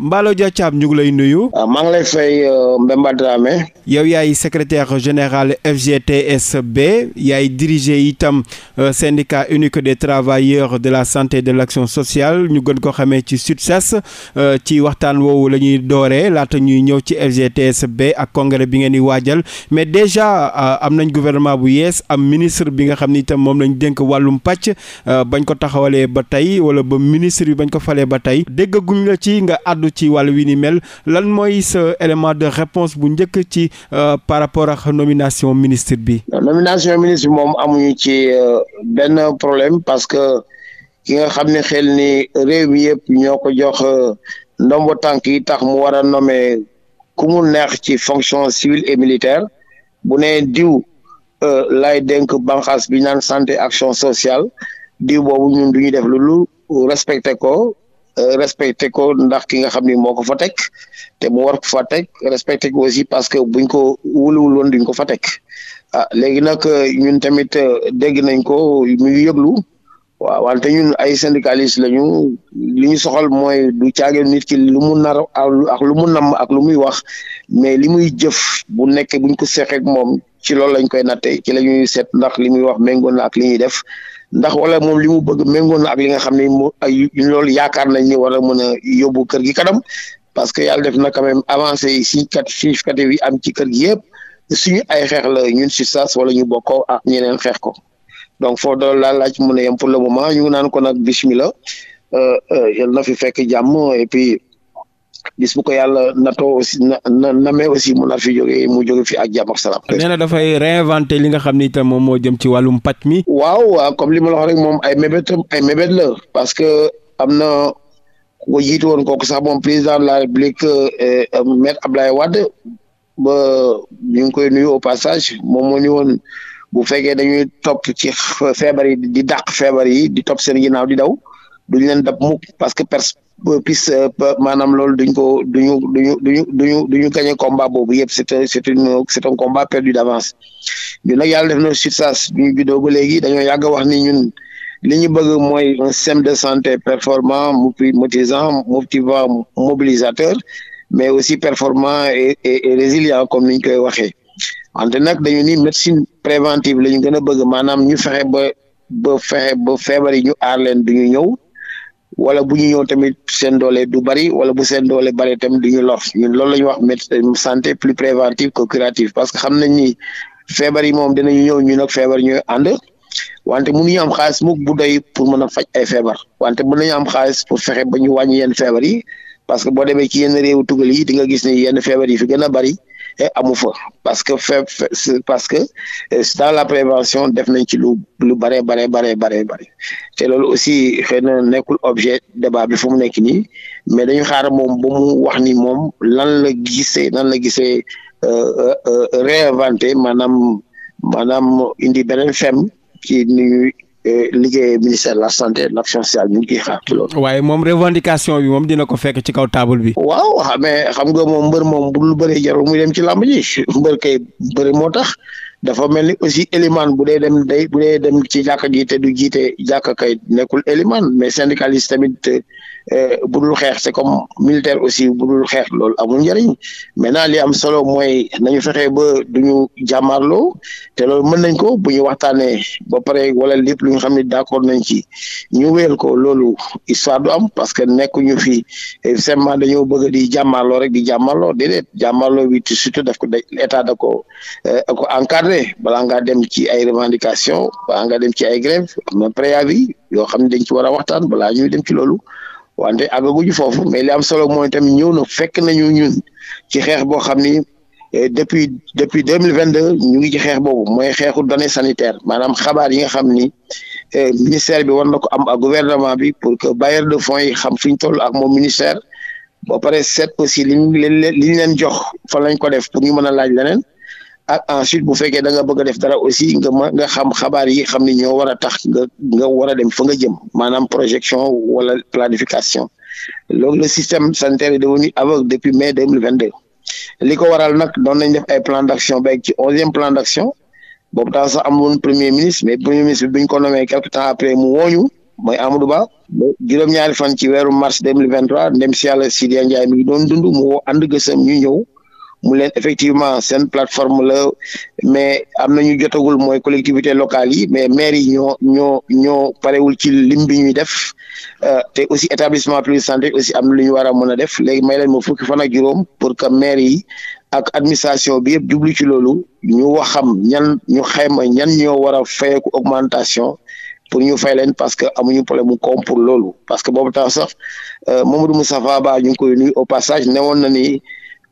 Mballo Dia ñu ngi lay nuyu. Ah, maa ngi lay fay euh, Mbemba Dramé. yow yaay secretaire général FGTSB yaay diriger itam euh, syndicat unique des travailleurs de la santé de l'action sociale ñu gën ko xamee ci SUTSAS euh, ci waxtaan woowu la ñuy dooree laata ñuy ñëw ci FGTSB ak congrès bi ngeen di waajal mais déjà am nañ gouvernement bu yees am ministre bi nga xam ni itam moom lañ dénk wàllum pàcc bañ ko taxawalee ba tey wala ba ministre bi bañ ko falee ba tey déggaguñ ci wàllu wi ni mel lan mooy sa élément de réponse bu njëkk ci euh, par rapport ak nomination ministre bi. nomination ministre bi moom amuñu ci euh, benn problème parce que ki nga xam ne xel ni réew mi yëpp ñoo ko jox euh, ndombo tànk yi tax mu war a nommer ku neex ci fonction civile et militaire bu ne diw lay dénk banqaas bi naan santé action sociale diw boobu ñun du def lu lu respecté ko Euh, respecté ko ndax ki nga xam ni moo ko fa teg te mu war ko fa teg respecté ko aussi parce que buñ ko wuluwul woon duñ ko fa teg ah léegi nag euh, ñun tamit euh, dégg nañ ko mu ngi yëglu waaw wante ñun ay syndicaliste lañu li ñu soxal mooy du caage nit ki lu mu nar ak lu mu namm ak lu muy wax mais li muy jëf bu nekk buñ ko seqeek moom ci loolu lañ koy nattee ci la ñuy seet ndax li muy wax méngoo na ak li ñuy def ndax wala moom li mu bëgg méngoon na ak li nga xam ne moo ay loolu yaakaar nañ ni war mën a yóbbu kër gi kanam parce que yàlla def na quand même avancé significative yi am ci kër gi yëpp suñu ay xeex la ñun si sas wala ñu bokkoo ak ñeneen xeex ko donc foo doon laal laaj mën a yem pour le moment ñu naan ko nag bismillah euh, euh, yal na fi fekk jàmm et bis bu ko na natoo aussi na na namee aussi mu nar fi jógee mu jóge fi ak jàmm ak salaam. nee na dafay réinventer li nga xam ni itam moom moo jëm ci wàllum pàcc mi. waaw waaw comme li ma la moom ay mébétam ay mébét la parce que am na ku woon kooku sax moom président de la république eh, eh, maître Abdoulaye Wade ba ñu ngi koy nuyu au passage moom moo ni woon bu fegee dañuy topp ci feebar yi di dàq feebar yi di topp seen ginnaaw di daw duñ leen dab mukk parce que pis euh, maanaam loolu duñ ko duñu duñu duñu duñu duñu gagné combat boobu yëpp c'est un c'est une c'est un combat perdu d'avance ñun nag yàlla def na succès ñu juddoo ba léegi dañoo yàgg wax ni ñun li ñu bëgg mooy un système de santé performant mobilisant motivant mobilisateur mais aussi performant et et résilient comme ni ñu koy waxee wante nag dañu ni médecine préventive la ñu gën a bëgg maanaam ñu fexe ba ba fexe ba feebar ñu aar leen du ñu ñëw wala bu ñu ñëw tamit seen doole du bari wala bu seen doole bari tamit du ñu lor ñun loolu la ñu wax médecine santé plus préventive que curative parce que xam nañ ni feebar yi moom dinañu ñëw ñun ak feebar ñooy ànd wante mënuñu am xaalis mukk bu doy pour mën a faj ay feebar wante mun nañu am xaalis pour fexe ba ñu wàññi yenn feebar yi parce que boo demee ci yenn réewu tugal yi di nga gis ne yenn feebar yi fi gën a bari. te amu fa parce que fait parce que euh, dans la prévention def nañ ci lu lu bare bare bare bare te loolu aussi xëy na nekkul objet débat bi fu mu nekk nii mais dañu xaar moom ba mu wax ni moom lan la gisee lan la gisee euh, euh, réinventer maanaam maanaam indi beneen fem ci ni liggéey ministère de la santé et de l'action sociale ñu ngi xaar ci loolu. waaye moom revendication bi moom dina ko fekk ci kaw table bi. waaw ah, mais xam nga moom mbër moom bu lu bëree jarul muy dem ci làmb ji mbër kay bëri moo tax dafa mel ni aussi éliman bu dee dem day bu dee dem ci jàkka ji te du jiite jàkka kay nekkul éliman mais syndicaliste tamit. Eh, bu dul xeex te comme militaire aussi bu dul xeex loolu amul njëriñ maintenant li am solo mooy nañu fexe ba duñu jàmmaarloo te loolu mën nañ ko bu ñu waxtaanee ba pare wala lépp lu ñu xam ne d'accord nañ ci ñu wéyal ko loolu histoire du am parce que nekkuñu fi seulement dañoo bëgg di jàmmaarloo rek di jàmmaarloo déedéet jàmmaarloo bi surtout daf ko état da ko eh, ko encadré balaa ngaa dem ci ay revendications balaa ngaa dem ci ay grève am na préavis yoo xam ne dañ ci war a waxtaan balaa ñuy dem ci loolu wante àggaguñu foofu mais li am solo mooy tamit ñëw no fekk nañu ñun ci xeex boo xam ni eh, depuis depuis deux mille vingt deux ñu ngi ci xeex boobu mooy xeexu données sanitaires maanaam xabaar yi nga xam ni eh, ministère bi war na ko am ak gouvernement bi pour que bailleur de fonds yi xam fi ñu toll ak moom ministère ba pare seet aussi li ñu leen li ñu leen jox fan lañ ko def pour ñu mën a laaj leneen ak ensuite bu fekkee da nga bëgg a def dara aussi nga ma nga xam xabaar yi xam ni ñoo war a tax nga nga war a dem fa nga jëm maanaam projection wala planification loolu le système sanitaire est devenu aveugle depuis mai deux mille deux li ko waral nag doon nañ def ay plan d' action beeg ci onzième plan d' action boobu temps sax amuloon premier ministre mais premier ministre bi ñu ko nommé quelque temps après mu wooñu mooy Amadou Ba juróom-ñaari fan ci weeru mars deux mille vingt trois ndem si yàlla mi ngi doon dund mu ànd gësam ñu ñëw. mu leen effectivement seen plateforme la mais am na ñu jotagul mooy collectivité locale yi mais maire yi ñoo ñoo ñoo parewul ci lim bi ñuy def euh, te aussi établissement public santé aussi am na lu ñu war a mën a def léegi may leen ma fukki fan ak juróom pour que maire yi ak administration bi yëpp jublu ci loolu ñu waxam ñan ñu xayma ñan ñoo war a fayeeku augmentation pour ñu fay leen parce que amuñu problème mu koom pour loolu parce que boobu tax sax euh, Mamadou Moustapha Ba ñu ngi koy nuyu au passage newoon na ni.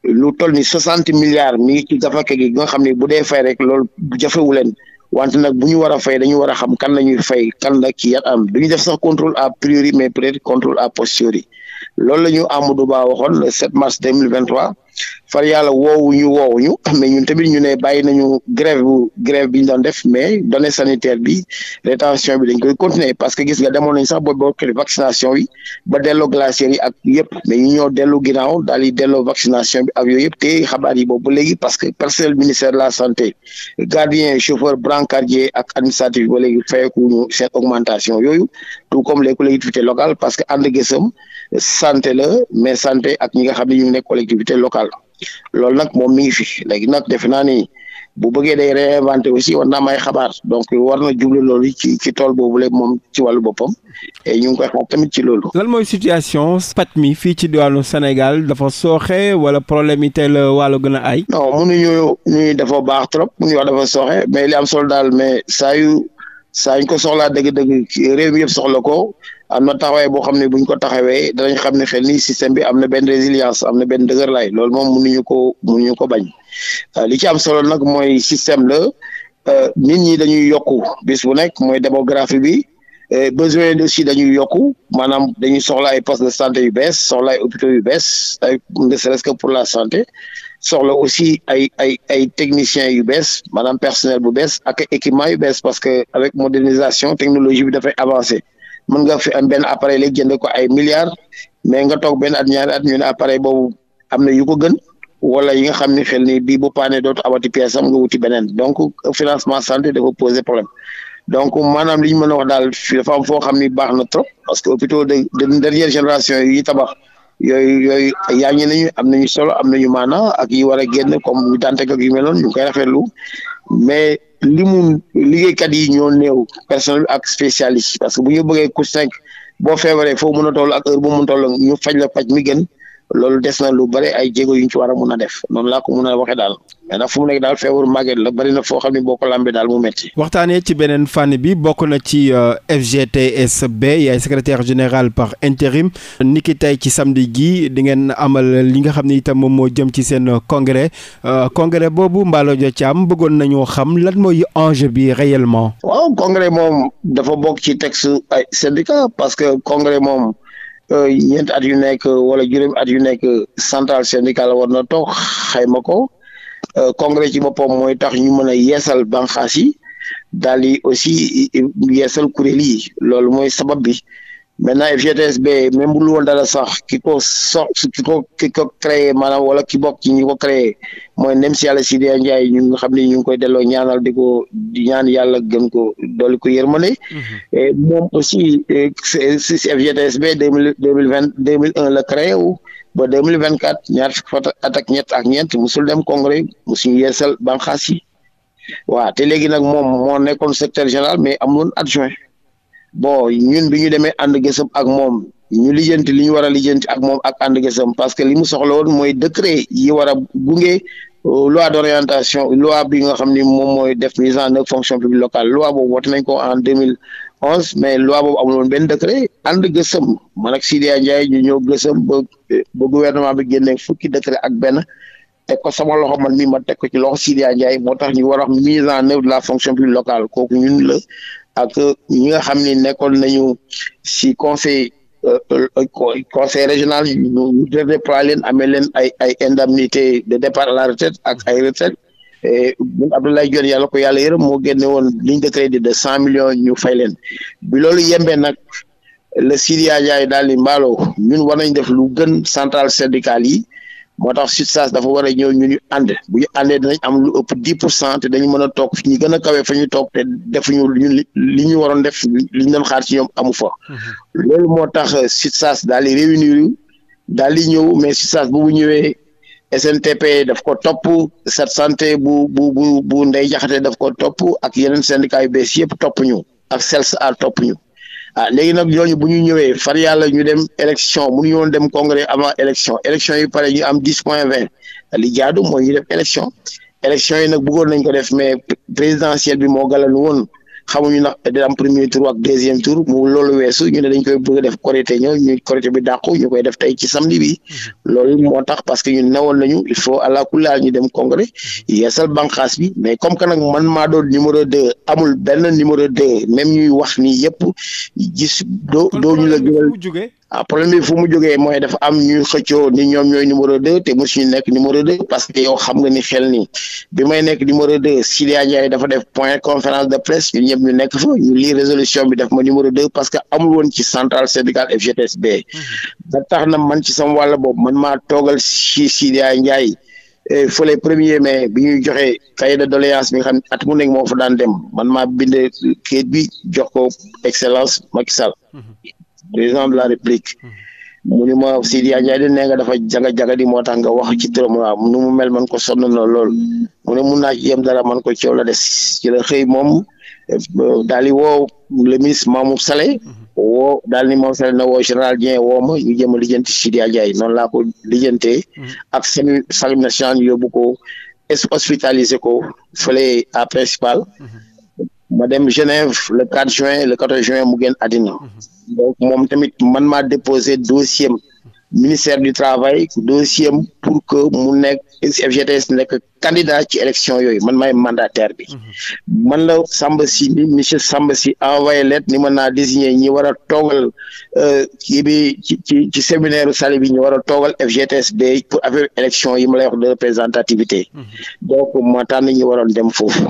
lu tol ni soixante milliards mi ngi ci gafaka gi nga xam ne bu dee fay rek loolu jafewu leen wante nag bu ñu war a fay dañu war a xam kan la ñuy fay kan la ki yar am du ñu def sax contrôle a priori mais peut-être contrôle a posteriori loolu la ñu Amadou Ba waxoon le 7 mars 2023 far yàlla woowu ñu woowu ñu mais ñun tamit ñu ne bàyyi nañu grève bu grève bi ñu doon def mais données sanitaire bi rétention bi dañ koy continuer parce que gis nga demoon nañ sax boobu boo vaccination yi ba delloo glacière yi ak yëpp mais ñu ñoo dellu ginnaaw daal di delloo vaccination bi ak yooyu yëpp te xabaar yi boobu ba léegi parce que personnel ministère de la santé gardien chauffeur brancardier ak administratif ba léegi fayeku ñu seen augmentation yooyu tout comme les collectivités locales parce que ànd gësam la mais santé ak ñi nga xam ne ñu ngi nekk collectivité locale loolu nag moom mi ngi fi léegi nag defe naa ni bu bëggee day réinventé aussi war naa ay xabaar donc war na juble loolu ci ci tool boobu lépp moom ci wàllu boppam et ñu ngi koy xaar tamit ci loolu. lan mooy situation pat mi fii ci diwaanu Sénégal dafa sooxe wala problème yi tey la wàllu gën a ay. non mënuñu ñu dafa baax trop mënuñu wax dafa sooxe mais li am solo daal mais saa yu ko soxlaa dëgg-dëgg réew mi yëpp soxla ko. am na taxawaay boo xam ne buñ ko taxawee danañ xam ne xel ni système bi am na benn résilience am na benn dëgër laay loolu moom mënuñu ko mënuñu ko bañ euh, li ci am solo nag mooy système la euh, nit ñi dañuy yokku bis bu nekk mooy démographie bi euh, besoin yi aussi dañuy yokku maanaam dañuy soxla ay postes de santé yu bees soxla ay hôpitaux yu bees ay que pour la santé soxla aussi ay ay ay techniciens yu bees maanaam personnel bu bees ak équipement yu bees parce que avec modernisation technologie bi dafay avancer. mën nga fi am benn appareil léegi jënd ko ay milliards mais nga toog benn at ñaari at ñu ne appareil boobu am na yu gën wala yi nga xam ne xel ni bii bu paane dootu abati pièce am nga wuti beneen donc financement santé dafa poser problème donc maanaam li ñu mën a wax daal fi foo xam ni baax na trop parce que hôpitaux de de dernière génération yi tabax yooyu yooyu yaa ngi nañu am nañu solo am nañu maana ak yi war a génn comme ñu dante ak yu mel ñu koy rafetlu mais li mu liggéeykat yi ñoo néew personnel ak spécialiste parce que bu ñu bëggee ku cinq boo feebaree foo mën a toll ak heure bu mu toll ñu faj la faj mi gën loolu des na lu bare ay jéego yu ñu ci war a mun a def noonu laa ko mun a waxee daal mais nag fu mu nekk daal feebaru màgget la bari na foo xam ne boo ko lambee daal mu métti. waxtaanee ci beneen fànn bi bokk na ci euh, FGTSB yaay secrétaire général par intérim niki tey ci samedi gi di ngeen amal li nga xam ne itam moom moo jëm ci seen congrès euh, congrès boobu Mballo Thiam bëggoon nañoo xam lan mooy enjeu bi réellement. waaw congrès moom dafa bokk ci texte ay parce que congrès moom. yent euh, at yu nekk wala juróomi at yu nekk centrale syndicale war na toog xayma ko euh, congrès ci boppam mooy tax ñu mën a yeesal banqaas yi daal di aussi yeesal kuréel yi loolu mooy sabab bi maintenant FGTS bi même bu dul woon dara sax ki ko sox ki ko ki ko créé maanaam wala ki bokk ci ñi ko créé mooy ndem si yàlla Sidya Ndiaye ñu nga xam ne ñu ngi koy delloo ñaanal di ko ñaan yàlla gën ko dolli ko yërmande mhm. moom aussi euh, si FGTS deux mille deux mille vingt deux mille un la créé wu ba deux mille vingt quatre ñaar fukki fan at ak ñett ak ñeent musul dem congrès musuñu yeesal banqaas yi waaw te léegi nag moom moo nekkoon secrétaire général mais amuloon adjoint bon ñun bi ñu demee ànd gësëm ak moom ñu lijjanti li ñu war a lijjanti ak moom ak ànd gësëm parce que li mu soxla woon mooy décret yi war a gunge euh, loi d'orientation loi bi nga xam ni moom mooy def mise en œuvre fonction publique locale loi boobu woote nañ ko en deux mille onze mais loi boobu amul woon benn décret ànd gësëm man ak Sidya ñu ñëw gësëm ba ba gouvernement bi génne fukki décret ak benn teg ko sama loxo man mi ma tek ko ci loxo Sidya Ndiaye moo tax ñu war a wax mise en œuvre la fonction publique locale kooku ñun la ak ñi nga xam ne nekkoon nañu si conseil euh, euh, conseil régional ñu redéploie leen amee leen ay ay indemnité de départ à la retraite ak ay retraite mun Abdoulaye Dione yàlla ko yàlla yërëm moo génne woon ligne de crédit de cent millions ñu fay leen bi loolu yembee nag le Sidia Ndiaye daal di mbaaloo ñun war nañ def lu gën central syndical yi moo tax SUTSAS dafa war a ñëw ñu ñu ànd bu ñu àndee dinañ am lu ëpp dix pour cent te dañu mën a toog fi ñu gën a kawee fa ñu toog te defuñu ñu li ñu waroon def li ñu doon xaar ci ñoom amu fa. Mhm. loolu moo tax SUTSAS daal di réunir daal di ñëw mais SUTSAS bu bu ñëwee SNTP daf ko topp Sat Santé bu bu bu bu Ndeye Diakhaté daf ko topp ak yeneen syndicat yu bees yëpp topp ñu ak SELS a topp ñu. ah léegi nag ñooñu bu ñu ñëwee far yàlla ñu dem élection mënuñu woon dem congrès avant élection élection yi pare ñu am dix point vingt li jaadu mooy ñu def élection élection yi nag bëggoon nañ ko def mais présidentielle bi moo galanu woon xamuñu ndax dina am premier tour ak deuxième tour mu loolu weesu ñu ne dañ koy bëgg a def Korité ñëw ñu Korité bi dàqu ñu koy def tey ci samedi bi mhm. loolu moo tax parce que ñun newoon nañu il faut àlakulaal ñu dem congrès mhm. yeesal banqaas bi mais comme que nag man maa doon numéro deux amul benn numéro deux même ñuy wax nii yëpp gis do doo ñu la gënal ah problème bi fu mu jógee mooy dafa am ñuy xëccoo ni ñoom ñooy numéro deux te mosuñu nekk numéro deux parce que yow xam nga ni xel ni bi may nekk numéro deux Sidia Ndiaye dafa def point conférence de presse ñun ñëpp ñu nekk fa ñu lii résolution bi def ma numéro deux parce que amul woon ci centrale syndicale FGTSB mhm. ba tax na man ci sama wala boobu man maa toogal si Sidia Ndiaye eh, fële premier mai bi ñuy joxe cahier de doléance mi nga xam ne at mu nekk moo fa daan dem man maa bind kayit bi jox ko excellence Macky Sall mhm. président de la république hmm. mu ni ma Sidiya Ndiaye de nee nga dafa jaga jaga di moo tax nga wax ci turam waaw nu mu mel man ko sonn na lool mu ne mun naa ci dara man ko coow la des ci la xëy moom daal di woo le ministre Mamour Salé hmm. woo daal ni Mamour Salé na woo général Dieng woo ma a lijjanti Sidiya Ndiaye noonu laa ko hmm. ak salim national yóbbu ko hospitalisé ko fële à principal ma dem le 4 juin le 14 juin mu génn àddina donc moom tamit man maa déposé dossier ministère du travail dossier pour que mu nekk FGTS nekk candidat ci élection yooyu man maay mandataire bi man la Samba Sy ni monsieur Samba Sy envoyé lettre ni mën naa désigner ñi war a toogal euh, kii bi ci ci ci séminaire sali bi ñu war a toogal FGTSB pour affaire yi ma lay wax de représentativité mhm. donc ma tànn ñi dem foofu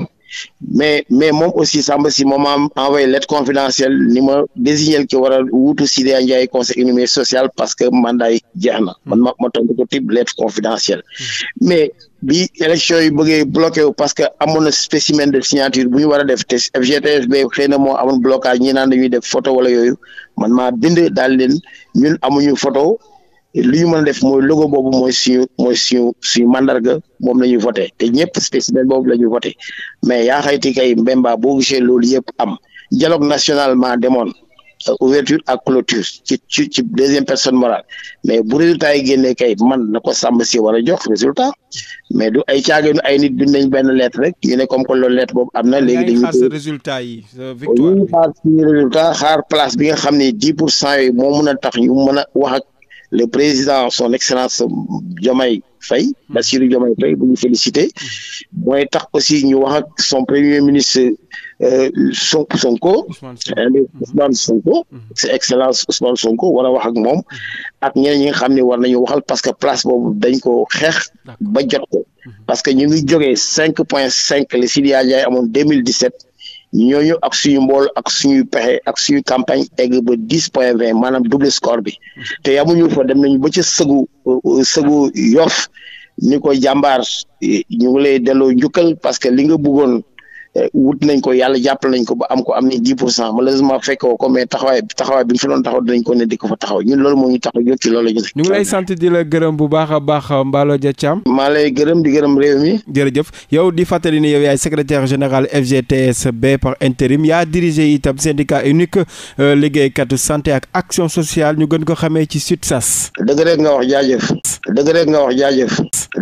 mais mais moom aussi Samba si moom am envoyé lettre confidentielle ni ma désigner ki war a wuutu Sidya Ndiaye conseil économique social parce que mandat yi jeex na man ma ma tontu ko type lettre hmm. mais bi élection yi bëggee bloqué wu parce que amoon na spécimen de signature bu ñu war a def te FGTSB xëy na moo amoon blocage ñi naan dañuy def photo wala yooyu man ma bind daal leen ñun amuñu photo li ñu mën a def mooy logo boobu mooy suñu mooy suñu suñu mandarga moom la ñuy voté te ñëpp spécimen boobu la ñuy voté mais yaa xayti kay Mbemba boo gisee loolu yëpp am dialogue national ma demoon euh, ouverture ak clôture ci ci ci deuxième personne morale mais bu résultat yi génnee kay man na ko sàmm si war a jox résultat mais du ay caageenu ay nit bind nañ benn lettre rek ñu ne comme lettre boobu am na. léegi dañuy xaar résultat yi sa victoire bi nga xam ne dix pour moo mën a tax ñu mën a wax ak. le président son excellence Diomaye Faye hmm. Bassirou Diomaye Faye bu ñu félicité hmm. mooy tax aussi ñu wax ak son premier ministre euh, son Sonko Ousmane Sonko c'est euh, hmm. excellence Ousmane Sonko war a wax ak moom ak ñeneen ñi nga xam ne war nañu waxal parce que place boobu dañ ko xeex ba jot ko parce que ñu ngi jógee cinq point cinq li Sidia Ndiaye amoon deux mille dix-sept ñooñu ak suñu mbool ak suñuy pexe ak suñu campagne egg ba dix point vingt maanaam double score bi te yamuñu fa dem nañu ba ca sëgu euh, sëgu yof ni ko jàmbaar ñu ngi lay delloo njukkal parce que li nga bëggoon Eh, wut nañ ko yàlla jàppale nañ ko ba am ko am nañ dix pour cent malheureusement fekkoo ko mais taxawaay taxawaay bi ñu fi doon taxaw dinañ ko ne di ko fa taxaw ñun loolu moo ñu taxaw jóg ci loolu la ñu. ngi lay sant di la gërëm bu baax a baax Mballo Dia Thiam. maa lay gërëm di gërëm réew mi. jërëjëf yow di fàttali ni yow yaay secrétaire général FGTSB par intérim yaa dirigé itam syndicat unique euh, liggéeykatu santé ak action sociale ñu gën ko xamee ci SUTSAS. dëgg rek nga wax jaajëf. dëgg rek nga wax jaajëf.